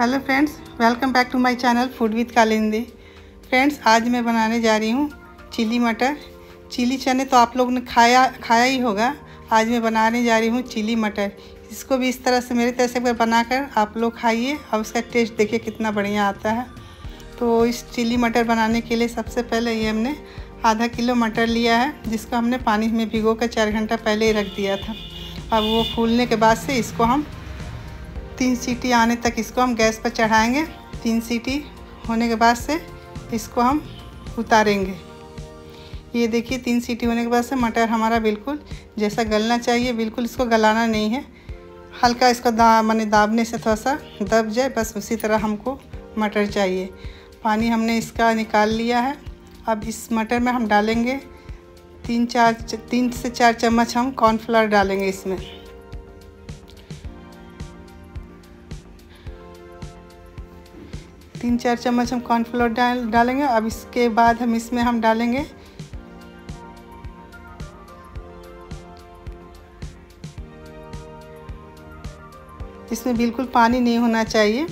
hello friends welcome back to my channel food with Kalindi friends आज मैं बनाने जा रही हूँ चिली मटर चिली चने तो आप लोग ने खाया खाया ही होगा आज मैं बनाने जा रही हूँ चिली मटर इसको भी इस तरह से मेरे तरह से एक बार बनाकर आप लोग खाइए और उसका टेस्ट देखिए कितना बढ़िया आता है तो इस चिली मटर बनाने के लिए सबसे पहले ये हमने आधा किलो मटर लिया है जिसको हमने पानी में भिगो कर चार घंटा पहले ही रख दिया था अब वो फूलने के बाद से इसको हम तीन सीटी आने तक इसको हम गैस पर चढ़ाएंगे तीन सीटी होने के बाद से इसको हम उतारेंगे ये देखिए तीन सीटी होने के बाद से मटर हमारा बिल्कुल जैसा गलना चाहिए बिल्कुल इसको गलाना नहीं है हल्का इसको दा मैंने दाबने से थोड़ा सा दब जाए बस उसी तरह हमको मटर चाहिए पानी हमने इसका निकाल लिया है अब इस मटर में हम डालेंगे तीन चार तीन से चार चम्मच हम कॉर्नफ्लावर डालेंगे इसमें तीन चार चम्मच हम कॉर्नफ्लोर डाल डालेंगे अब इसके बाद हम इसमें हम डालेंगे इसमें बिल्कुल पानी नहीं होना चाहिए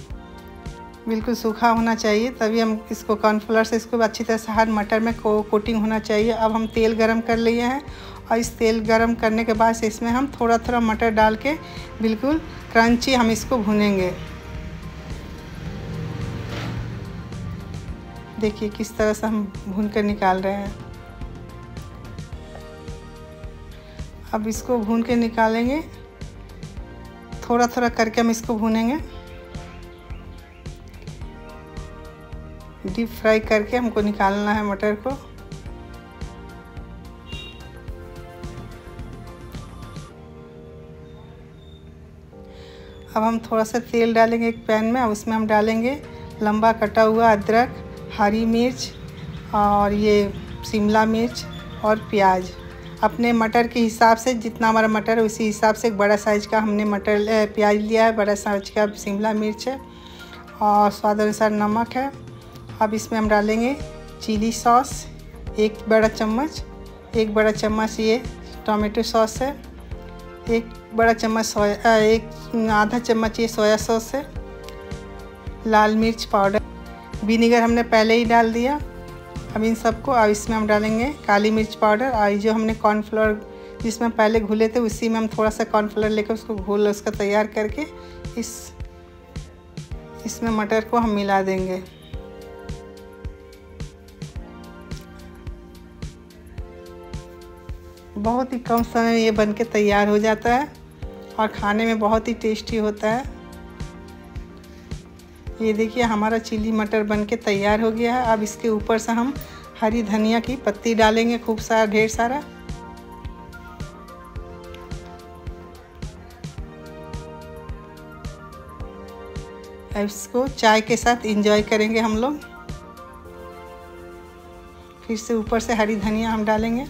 बिल्कुल सूखा होना चाहिए तभी हम इसको कॉर्नफ्लोर से इसको अच्छी तरह से हर मटर में को कोटिंग होना चाहिए अब हम तेल गरम कर लिए हैं और इस तेल गरम करने के बाद से इसमें हम थोड़ा थोड़ा मटर डाल के बिल्कुल क्रंची हम इसको भुनेंगे देखिए किस तरह से हम भून कर निकाल रहे हैं अब इसको भून के निकालेंगे थोड़ा थोड़ा करके हम इसको भूनेंगे डीप फ्राई करके हमको निकालना है मटर को अब हम थोड़ा सा तेल डालेंगे एक पैन में और उसमें हम डालेंगे लंबा कटा हुआ अदरक हरी मिर्च और ये शिमला मिर्च और प्याज अपने मटर के हिसाब से जितना हमारा मटर है उसी हिसाब से एक बड़ा साइज का हमने मटर प्याज लिया है बड़ा साइज का शिमला मिर्च है और स्वाद अनुसार नमक है अब इसमें हम डालेंगे चिली सॉस एक बड़ा चम्मच एक बड़ा चम्मच ये टोमेटो सॉस है एक बड़ा चम्मच सोया एक आधा चम्मच ये सोया सॉस है लाल मिर्च पाउडर विनीगर हमने पहले ही डाल दिया अब इन सबको अब इसमें हम डालेंगे काली मिर्च पाउडर और जो हमने कॉर्नफ्लोर जिसमें पहले घुले थे उसी में हम थोड़ा सा कॉर्नफ्लोर लेकर उसको घोल उसका तैयार करके इस इसमें मटर को हम मिला देंगे बहुत ही कम समय में ये बनके तैयार हो जाता है और खाने में बहुत ही टेस्टी होता है ये देखिए हमारा चिली मटर बनके तैयार हो गया है अब इसके ऊपर से हम हरी धनिया की पत्ती डालेंगे खूब सारा ढेर सारा अब इसको चाय के साथ इंजॉय करेंगे हम लोग फिर से ऊपर से हरी धनिया हम डालेंगे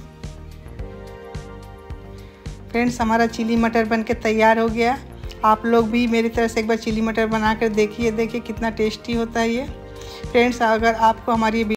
फ्रेंड्स हमारा चिली मटर बन के तैयार हो गया आप लोग भी मेरी तरह से एक बार चिली मटर बना कर देखिए देखिए कितना टेस्टी होता है ये फ्रेंड्स अगर आपको हमारी